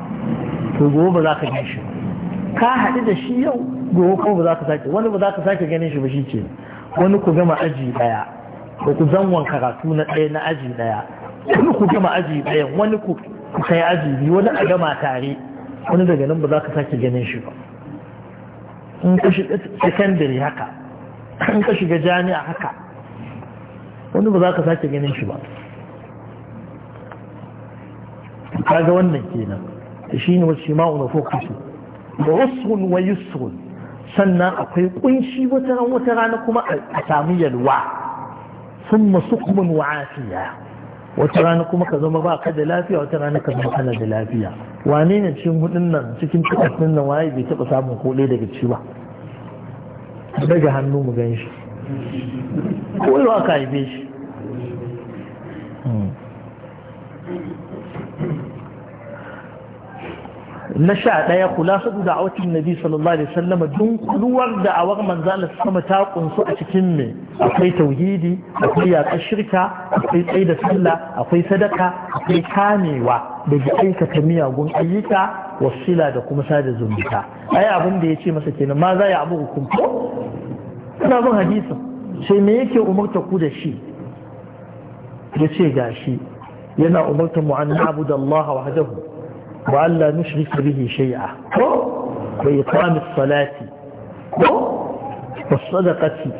[SPEAKER 1] to gobe ba za ka gan shi ka haɗu da shi yau gobe kuma ba za ka sake wani ba za ka sake ganin shi ba shi ce wani ku gama aji ɗaya ko ku zangon karatu na ɗaya na aji ɗaya wani ku gama aji ɗaya wani ku kai aji biyu wani a gama tare wani daga nan ba za ka sake ganin shi ba in ka shiga secondary haka in ka shiga jami'a haka wani ba za ka sake ganin shi ba ga wannan kenan da shi ne wasu shima'u na fokusu da wasun wa yusun sannan akwai kunshi wata ran wata rana kuma a samu yalwa summa suqmun wa afiya wata rana kuma ka zama ba ka da lafiya wata rana ka zama kana da lafiya wane ne cikin hudun nan cikin takwas nan waye bai taba samun ko daga ci ba daga hannu mu gan shi ko yau aka haife shi na sha ɗaya kula da awatin nabi sallallahu alaihi wasallam dunkuluwar da awar manzala sama ta kunsu a cikin me akwai tauhidi akwai yaƙa shirka akwai tsaye da sallah akwai sadaka akwai kamewa daga aikata miyagun ayyuka wasila da kuma sada zumunta ai abin da ya ce masa kenan ma za ya abu hukum ina bin hadisin sai me yake umarta ku da shi ya ce gashi yana umarta mu an na'budu wahdahu wa Allah nushrika bihi shay'a ko wa iqamis salati ko wa sadaqati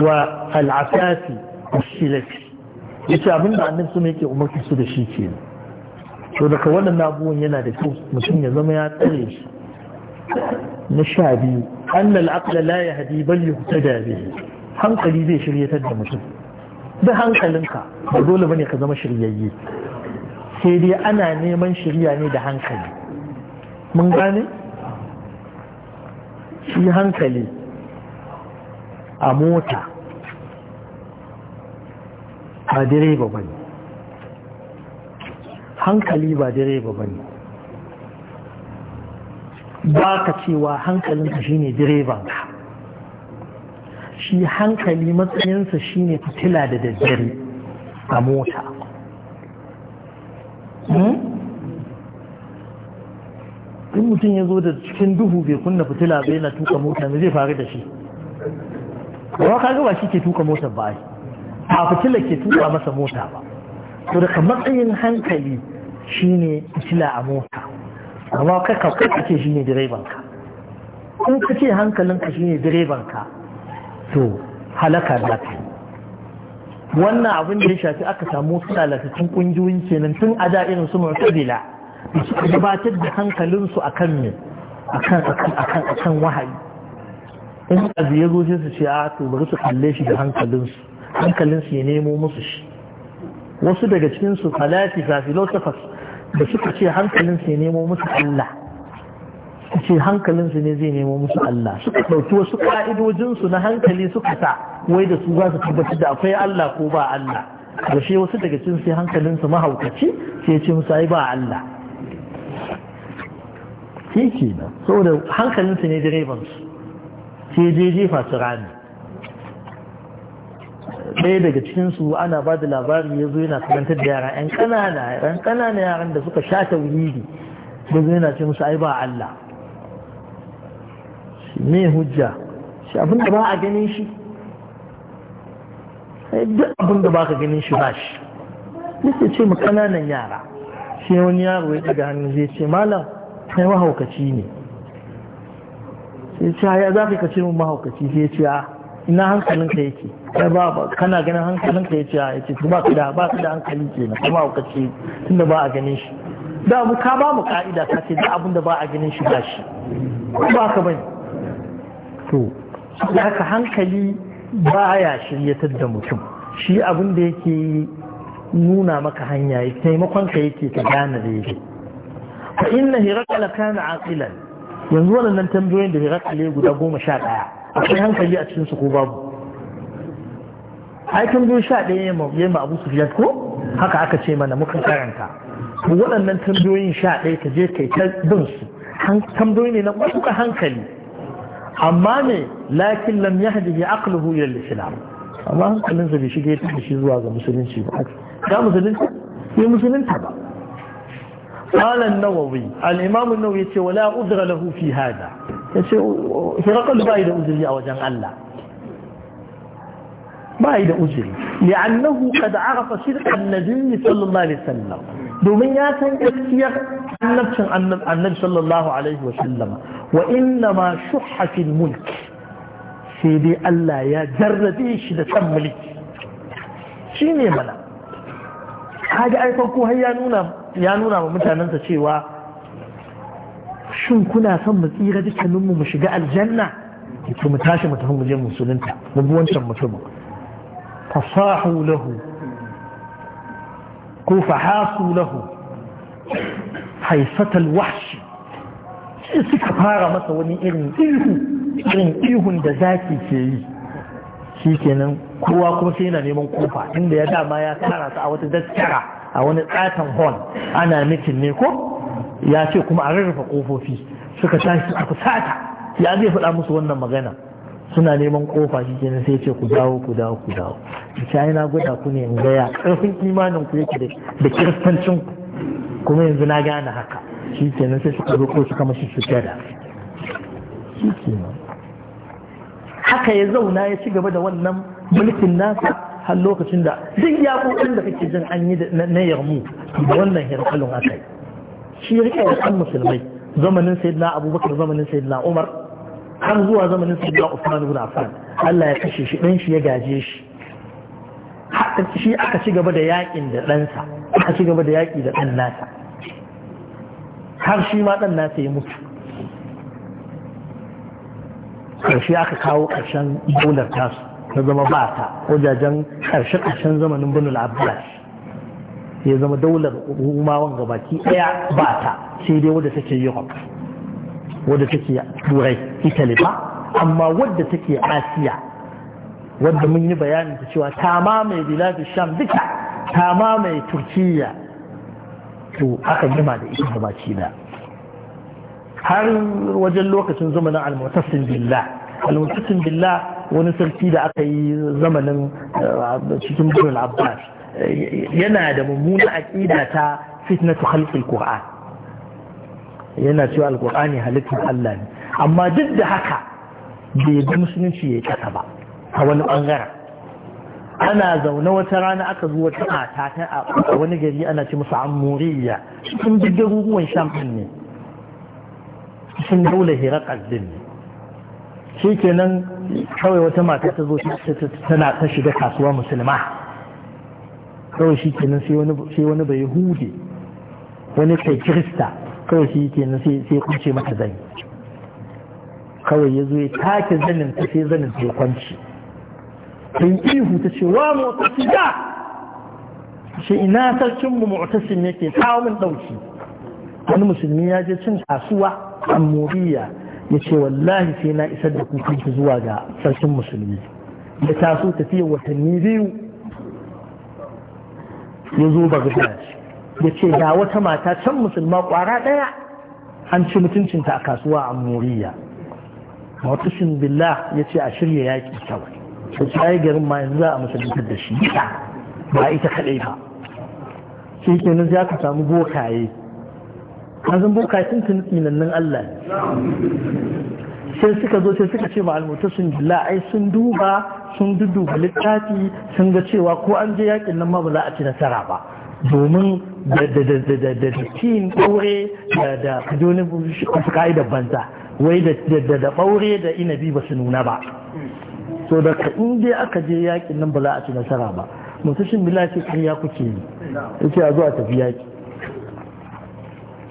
[SPEAKER 1] wa al'afati wa silati yace abin da annabi sun yake umarci su da shi ke So daga wannan abubuwan yana da kyau mutum ya zama ya tsare shi na sha biyu an al'aqla la hadi bal yuhtada bihi hankali zai shiryatar da mutum da hankalinka ba dole bane ka zama shiryayye sai dai ana neman shirya ne da hankali mun gane shi hankali a mota ba direba bane hankali ba direba bane ba ka cewa hankalinka shine direbanka shi hankali matsayinsa shine fitila da daddare a mota Hmm? in mutum ya zo da cikin duhu bai kunna fitila bai na tuka mota zai faru da shi ba ka gaba shi ke tuka motar ba a fitila ke tuka masa mota ba to daga matsayin hankali shi ne fitila a mota amma kai ka kai kake ne direban ka in ka shi hankalinka shine direban ka to halaka za ta. wannan abin da ya shafi aka samu suna lalatacin ƙungiyoyin kenan tun a da irin su mu'tazila da suka gabatar da hankalinsu akan ne akan akan akan akan wahayi in azu ya zo sai su ce a ah, to bari su kalle shi da hankalinsu hankalinsu ya nemo musu shi wasu daga cikin su falasifa philosophers da suka ce hankalinsu ya nemo musu Allah su ce hankalinsu ne zai nemo musu Allah suka ɗauki wasu ƙa'idojinsu na hankali suka sa wai da su za su tabbatar da akwai Allah ko ba Allah da wasu daga cin sai hankalinsu mahaukaci sai ce musu ai ba Allah shi ke nan saboda hankalinsu ne direbansu sai je jefa su rami ɗaya daga cikinsu ana ba da labari ya zo yana karantar da yara 'yan ƙanana 'yan ƙanana yaran da suka sha tauhidi da zo yana ce musu ai ba Allah me hujja shi abinda da ba a ganin shi Eh, duk abin da baka ganin shi ba shi yake ce makananan kananan yara sai wani yaro ya daga hannun zai ce malam sai mahaukaci ne sai ce ya za ka ce mu mahaukaci sai ya ce a ina hankalin ka yake kai ba kana ganin hankalinka yace a yace ba ka da ba ka da hankali kenan kuma mahaukaci tunda ba a ganin shi da mu ka ba mu ka'ida ka ce da abin da ba a ganin shi ba shi ba ka bane to da haka hankali baya shiryatar da mutum shi abin da yake nuna maka hanya ya taimakon ka yake ka gane da yake fa inna hirakala kana aqilan yanzu wannan tambayoyin da hirakala guda goma sha ɗaya akwai hankali a cikin su ko babu ai tambayoyi sha ɗaya ya ma abu sufiyat ko haka aka ce mana muka karanta waɗannan tambayoyin sha ɗaya ka je kai ta bin su tambayoyi ne na kuka hankali amma ne lakin lam yahdihi aqluhu ila al-islam amma hankalin sa bai shige ta shi zuwa ga musulunci ba da musulunci ne musulunta ba قال النووي الإمام النووي يقول ولا أذر له في هذا هرقل بايد أذري أو جن الله بايد أذري لأنه قد عرف صدق النبي صلى الله عليه وسلم domin ya san gaskiyar annabcin annabi sallallahu alaihi wa sallama wa inna ma shuhha fil mulk sai dai Allah ya jarrabe shi da san mulki shine mana kaga ai farko har ya nuna ya nuna wa mutanansa cewa shin kuna son mu tsira dukkaninmu mu shiga aljanna to mu tashi mu tafi mu je musulunta mu bi wancan mutumin fasahu lahu ko fahasu lahu haifatal wahshi suka fara masa wani irin ihu irin ihun da zaki ke yi shi kenan kowa kuma sai yana neman kofa inda ya dama ya tara su a wata daskara a wani tsatan hall ana mitin ne ko ya ce kuma a rarrafa kofofi suka tashi a fusata ya zai faɗa musu wannan magana suna neman kofa shi kenan sai ce ku dawo ku dawo ku dawo ce ai na gwada ku ne in gaya karfin imanin ku yake da kiristancin kuma yanzu na gane haka shi kenan sai suka zo ko suka mashi sujada shi kenan haka ya zauna ya ci gaba da wannan mulkin nasa har lokacin da duk yakokin da kake jin an yi na yarmu da wannan hirkalin aka yi shi ya rike da musulmai zamanin sayyidina abubakar zamanin sayyidina umar har zuwa zamanin sayyidina Usman ibn Affan Allah ya kashe shi dan shi ya gaje shi shi aka ci gaba da yakin da ɗansa aka ci gaba da yaki da ɗan nasa har shi ma ɗan nasa ya mutu karshe aka kawo ƙarshen daular tasu na zama ba ta wajajen ƙarshe ƙarshen zamanin binul abbas ya zama daular umawan gabaki ɗaya ba ta sai dai wadda take europe wadda take turai italy ba amma wadda take asiya wadda mun yi bayanin ta cewa ta mamaye biladu sham duka ta mamaye turkiyya, to aka gima da ita gabaci da har wajen lokacin zamanin almutassin billah almutassin billah wani sarki da aka yi zamanin eh, cikin birnin abbas eh, yana da mummuna aƙida ta fitnatu khalqil qur'an yana cewa alkur'ani halittar Allah ne amma duk da haka bai bi musulunci ya kasa ba a wani bangaren ana zaune wata rana aka zuwa ta mata ta a wani gari ana ce musu muriya. sun bi garuruwan sham din ne sun daula hira din ne shi kenan kawai wata mata ta zo tana ta shiga kasuwa musulma kawai shi kenan sai wani bai hude wani kai kirista kawai shi ke nan sai kunce mata zai kawai ya zo ya take zanin ta sai zanin ta ya kwanci sun ihu ta ce wa motsi da shi ina sarkin mu mu'tasim yake kawo min dauki wani musulmi ya je cin kasuwa moriya ya ce wallahi sai na isar da kukanki zuwa ga sarkin musulmi ya taso tafiya watanni biyu ya zo ba gaba ya ce da wata mata can musulma kwara ɗaya an ci mutuncinta a kasuwa a moriya mawatusin billah ya ce a shirya yaƙi kawai ta ce garin ma yanzu za a musuluntar da shi ba ita kaɗai ba shi nan za ka samu bokaye kazan bokaye sun tuni tsinannin Allah sai suka zo sai suka ce ma almuta sun jila ai sun duba sun duduba littafi sun ga cewa ko an je yakin nan ma ba za a ci nasara ba domin da
[SPEAKER 2] cin ɓaure
[SPEAKER 1] da kajonin wasu ka'idar banta wai da ɓaure da inabi ba su nuna ba so da ka inda aka je yakin nan ba za a ci nasara ba mutushin bila ce karya kuke yi ya ce a zuwa tafi yaki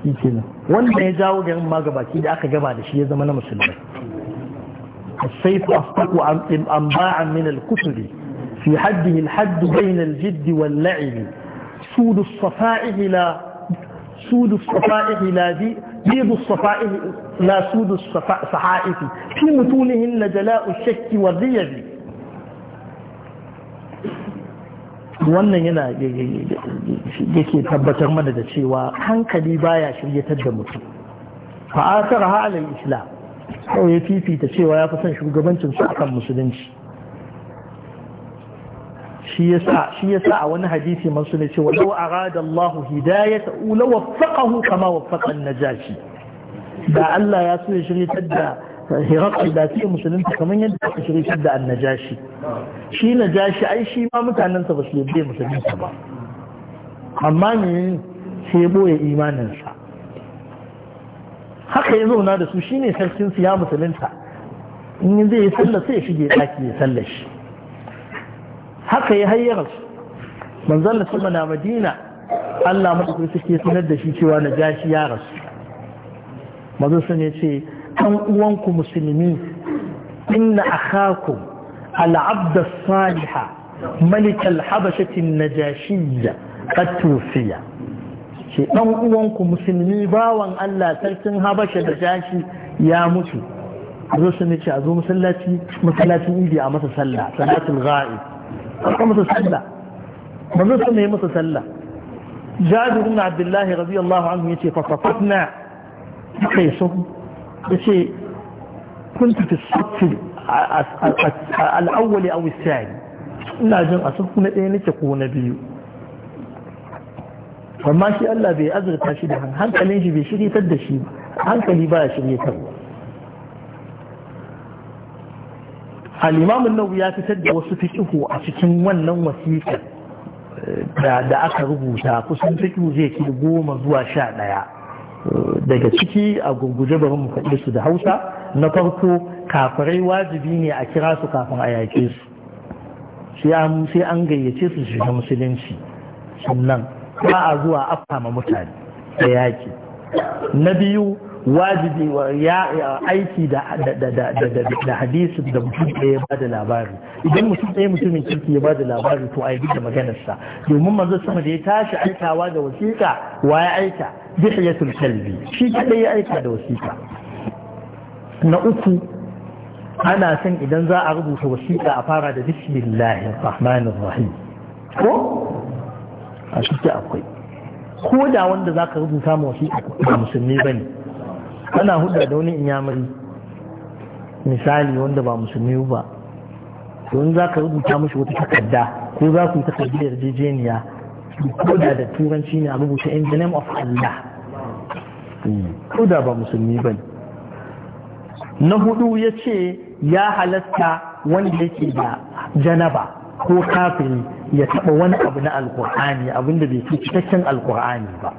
[SPEAKER 1] shi ke nan wanda ya jawo garin ma gabaki da aka gaba da shi ya zama na musulmai السيف أفتق أنباعا من الكتب في حده الحد بين الجد واللعب سود الصفائح لا سود الصفائح لا بيض الصفائح لا سود الصحائف في متونهن جلاء الشك والريب wannan yana yake tabbatar mana da cewa hankali baya shiryatar da mutum fa'asar halin islam kawai ya fifita cewa ya fi son shugabancin su akan musulunci shi yasa sa a wani hadisi man sune cewa law arada Allah hidayata ula waffaqahu kama waffaqa najashi da Allah ya so ya shirye da hirakul da ke musulunta kamar yadda aka shirye da an-najashi shi najashi ai shi ma mutanensa ba su yabe musulunta ba amma ne sai ya boye imaninsa haka ya zauna da su shine sarkin su ya musulunta in zai yi sallah sai ya shige daki ya sallar shi haka ya hayyar su manzon da sama na madina Allah madaukakin suke sanar da shi cewa na jashi ya rasu manzon sun ya ce ɗan uwanku musulmi inna akhakum al-abd as-salih malik al-habashah an-najashiyya qad tufiya ce ɗan uwanku musulmi bawan Allah sarkin habasha da jashi ya mutu zo sun ce a zo masallaci masallacin idi a masa sallah salatul ghaib aka masa sallah manzo sun yi masa sallah jabir ibn abdullahi radiyallahu anhu yace fa safatna kai so yace كنت في الصف الأول أو الثاني ina jin a sun na ɗaya nake ko na biyu amma shi Allah bai azurta shi da hankalin shi bai da shi ba hankali ba ya al'imamun nawu ya fitar da wasu fikihu a cikin wannan wasiƙar da aka rubuta kusan fikihu zai ke goma zuwa sha ɗaya daga ciki a gurguje bari mu faɗi su da hausa na farko kafirai wajibi ne a kira su kafin a yaƙe su sai an gayyace su shiga musulunci sannan ba a zuwa afama mutane da yaƙi na biyu wajibi wa ya aiki da da hadisi da mutum ɗaya ya bada labari idan mutum ɗaya mutumin kirki ya bada labari to a da maganarsa domin manzo sama da ya tashi aikawa da wasiƙa wa ya aika bihiyatul kalbi shi kadai ya aika da wasiƙa na uku ana son idan za a rubuta wasiƙa a fara da bismillahir rahmanir rahim ko a shi akwai ko da wanda zaka rubuta ma wasiƙa ba musulmi bane ana hudu da wani inyamuri misali wanda ba musulmi ba don za ka rubuta mashi wata takarda ko za ku yi takardar yarjejeniya ko da da turanci ne a rubuta in the name of Allah ko da ba musulmi ba na hudu ya ce ya halatta wanda yake da janaba ko kafin ya taba wani abu na alkur'ani abinda bai fi cikakken alkur'ani ba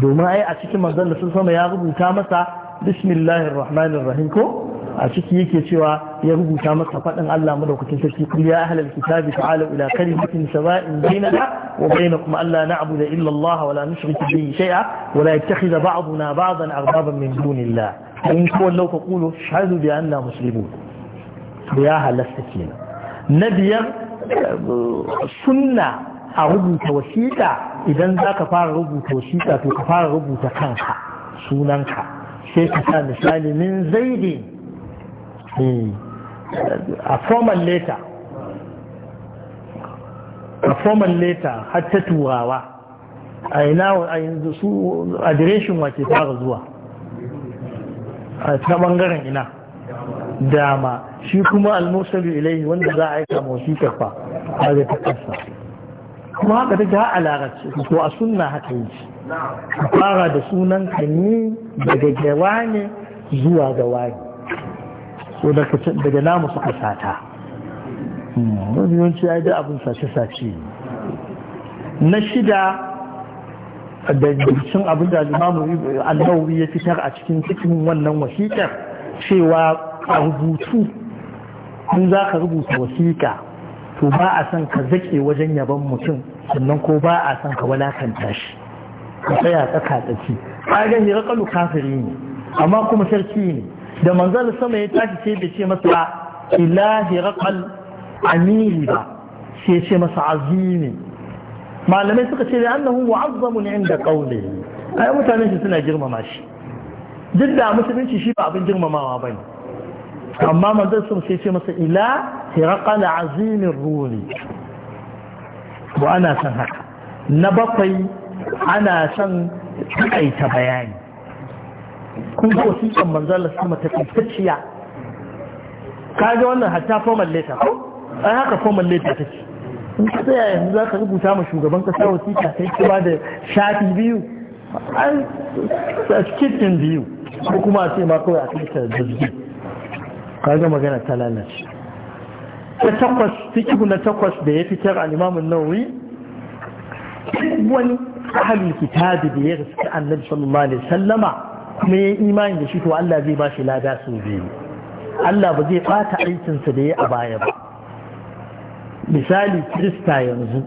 [SPEAKER 1] domin ai a cikin manzon da sun sama ya rubuta masa bismillahir rahmanir rahim ko a ciki yake cewa ya rubuta masa faɗin Allah madaukakin sarki kul ya ahlal kitabi ta'alu ila kalimatin sawa'in bainana wa bainakum alla na'budu illa Allah wa la nushriku bihi shay'a wa la yattakhidha ba'duna ba'dan arbaban min dunillah in kullu faqulu shahadu bi anna muslimun ya halasta kenan na biyar sunna a rubuta wasiƙa idan za ka fara rubuta wasiƙa to ka fara rubuta kanka sunanka sai ka sa misali min zaidi eh, a formal letter a formal letter har ta turawa a ina a yanzu su adireshin wake fara zuwa a ta bangaren ina dama shi kuma almusalu ilai wanda za a aika mawasiƙar fa a zai ta ƙasa kuma haka take har a larabci ko a sunna haka yi
[SPEAKER 2] ka fara
[SPEAKER 1] da sunan ka ni daga gawa ne zuwa gawa ne so daga namu suka sata hmm, wani yawanci ya da abin sace-sace na shida da cin abin da limamu annawi ya fitar a cikin cikin wannan wasikar cewa a rubutu in za ka rubuta wasika to ba a son ka zake wajen yaban mutum sannan ko ba a son ka walakanta shi ka tsaya tsaka tsaki kaga hirakalu kafiri ne amma kuma sarki ne da manzal sama ya tashi sai da ce masa ila hirakal amiri ba sai ce masa azimi malamai suka ce da annahu mu'azzamun inda qawlihi ai mutanen shi suna girmama shi duk da musulunci shi ba abin girmamawa ne. amma manzal sama sai ce masa ila hirakal azimin ruli ba ana san haka na bakwai ana son takaita bayani kun ga wasiƙan manzalar sama ta taƙaitacciya ka ga wannan hatta formal letter ko ai haka formal letter ta ce in ka tsaya yanzu za ka rubuta ma shugaban kasa wasiƙa sai ki ba da shafi biyu an cikin biyu ko kuma a ce ma kawai a kai ta zazzabi ka ga magana ta lalace ta takwas kihu na takwas da ya fitar al'imamun nawawi wani ahlul kitabi da ya riska annabi sallallahu alaihi sallama kuma ya imani da shi to Allah zai ba shi lada su biyu Allah ba zai bata aikinsa da ya a baya ba misali kirista yanzu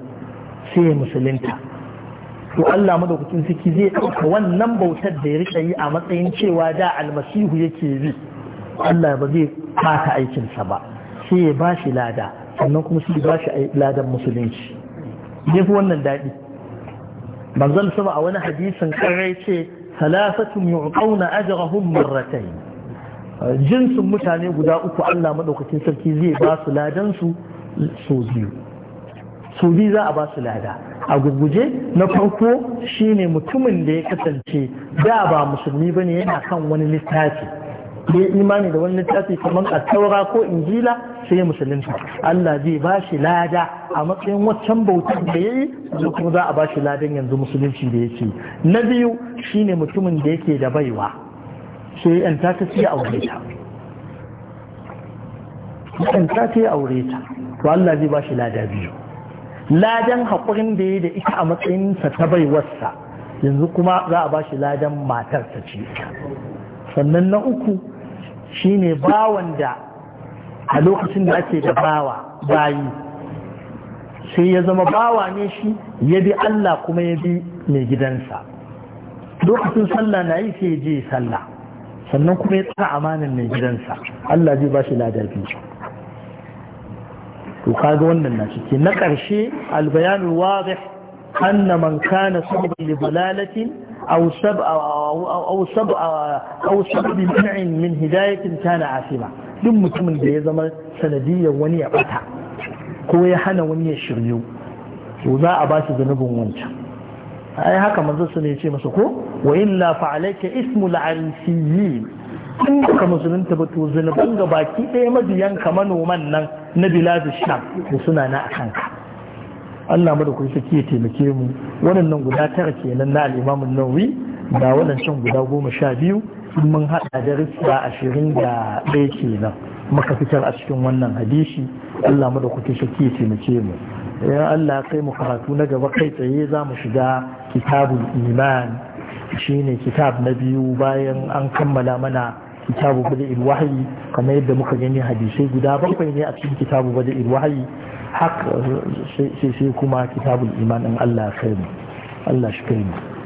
[SPEAKER 1] sai ya musulunta to Allah madaukakin siki zai ɗauka wannan bautar da ya rika yi a matsayin cewa da almasihu yake bi Allah ba zai bata aikinsa ba sai ya ba shi lada sannan kuma sai ya ba shi ladan musulunci yafi fi wannan daɗi manzon sama a wani hadisin karai ce salafatun yu'qawna ajrahum marratayn jinsin mutane guda uku Allah madaukakin sarki zai ba su ladan su so biyu so biyu za a ba su lada a gurguje na farko shine mutumin da ya kasance da ba musulmi bane yana kan wani littafi ya imani da wani littafi kamar a taura ko injila sai musulunta Allah zai ba shi lada a matsayin waccan bautar da ya yi kuma za a ba shi ladan yanzu musulunci da yake na biyu shine mutumin da yake da baiwa sai yan ta ta sai aure ta yan ta ta ta to Allah zai ba shi lada biyu ladan haƙurin da ya da ita a matsayin sa ta baiwarsa yanzu kuma za a ba shi ladan matarsa ce sannan na uku shine bawan da a lokacin da ake da bawa bayi sai ya zama bawa ne shi ya bi Allah kuma ya bi mai gidansa lokacin sallah na yi sai je sallah sannan kuma ya tsara amanin mai gidansa Allah zai ba shi ladabi to kaga wannan na ciki na ƙarshe albayanul wadih anna man kana sabban li dalalatin aw sab aw sab aw sab bi min hidayatin kana asima duk mutumin da ya zama sanadiyar wani ya bata ko ya hana wani ya shiryu to za a ba shi zanubin wancan ai haka manzo su ne ce masa ko wa illa fa ismu ismul arisiyin in ka musulunta ba to ga baki ɗaya mabiyan ka manoman nan na biladu sham to suna na akan ka Allah mu da ku saki ya taimake mu waɗannan guda tara kenan na al-Imam an-Nawawi da waɗancan guda goma sha biyu sun mun haɗa darussa ashirin da ɗaya kenan muka fitar a cikin wannan hadishi. Allah mu da kuke shakki ya taimake mu idan Allah kai mu karatu na gaba kai tsaye za mu shiga kitabul iman shine kitab na biyu bayan an kammala mana kitabu bada ilwahi kamar yadda muka gani hadisai guda bakwai ne a cikin kitabu bada ilwahi
[SPEAKER 2] Haka sai kuma kitabul iman in Allah kai mu Allah shi kai mu